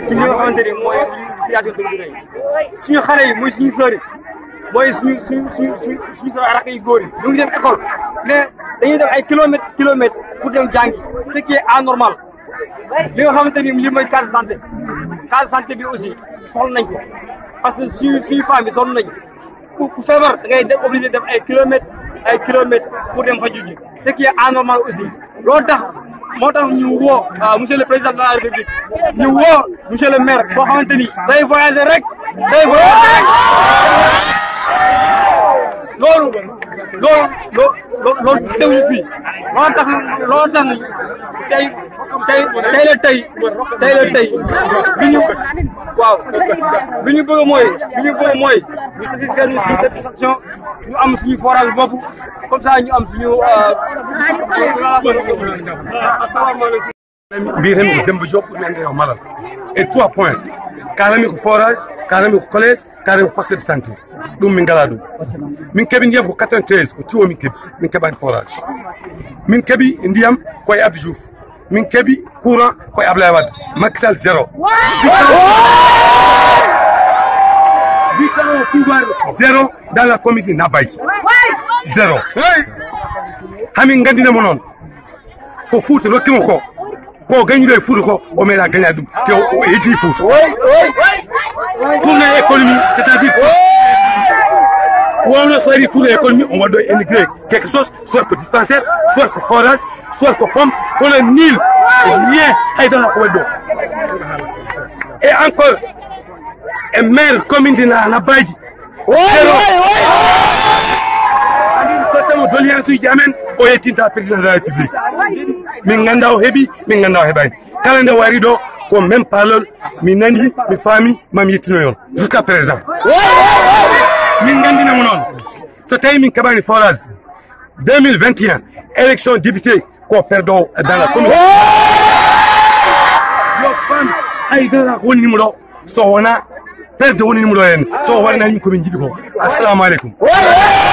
ci li nga xamante ni mooy situation dëgg dëgg yi suñu xale yi mooy suñu sëriñ mooy suñu suñu suñu suñu suñu yi góor yi ñu ngi dañuy def ay kilomètres kilomètres pour dem jàngi ce qui est anormal ni li mooy case santé case santé bi aussi soxla nañ ko parce que suñu suñu femme bi soxla nañ ku ku feebar da ngay def obligé def ay kilomètres ay kilomètres pour dem faju ji ce qui est anormal aussi moo tax ñu woo monsieur le président la république ñu woo monsieur le maire boo xamante ni day voyager rek day voyager rek loolu loolu loolu teewuñu fii loo tax loo tax tey tey tey tey tey tey bi ñu waaw bi ñu bëgg mooy bi ñu bëgg mooy ñu satisfaire ñu suñu satisfaction ñu am suñu forage bopp comme ça ñu am suñu. asalaamaaleykum. mbiiremi ko Demba Diop mi ande o malal et trois points karami ko forage karami ko collège karami ko poste de santé ɗum min ngala ɗum min keeɓi ndiyam ko 93 ko tiwo min keeɓi min keeɓani forage min keeɓi ndiyam koye abdi diouf min keeɓi courant koye ablaye wadde makkisal zéro victor pouvoir zéro dans la commune de nabayji zéro hamin noon ko fuuta rokkimo ko ko gañiɗo e fuuta ko o meeɗa gañade ɗum te o heddi fuuta tourna économie c'est où on a servi toute l'économie, on va doit émigrer quelque chose, soit pour dispensaire, soit pour forage, soit pour pompe, pour le Nil, rien est dans la Kouado. Et encore, un maire commune de Nabaïdi. Oui, oui, yettinta président de la min ganda o heeɓi min ganda o heɓani kala wari ɗo ko même parlol mi nani mi faami mami yettino yon jusqu'à présent min nganndinamo noon so tawi min keɓani forage 2021 élection député ko perdowo e dans la commune yo fam aydara ko wonnimo ɗo so wona perde wonimo ɗo henna so waɗananimi komin jiɗi ko assalamu aleykum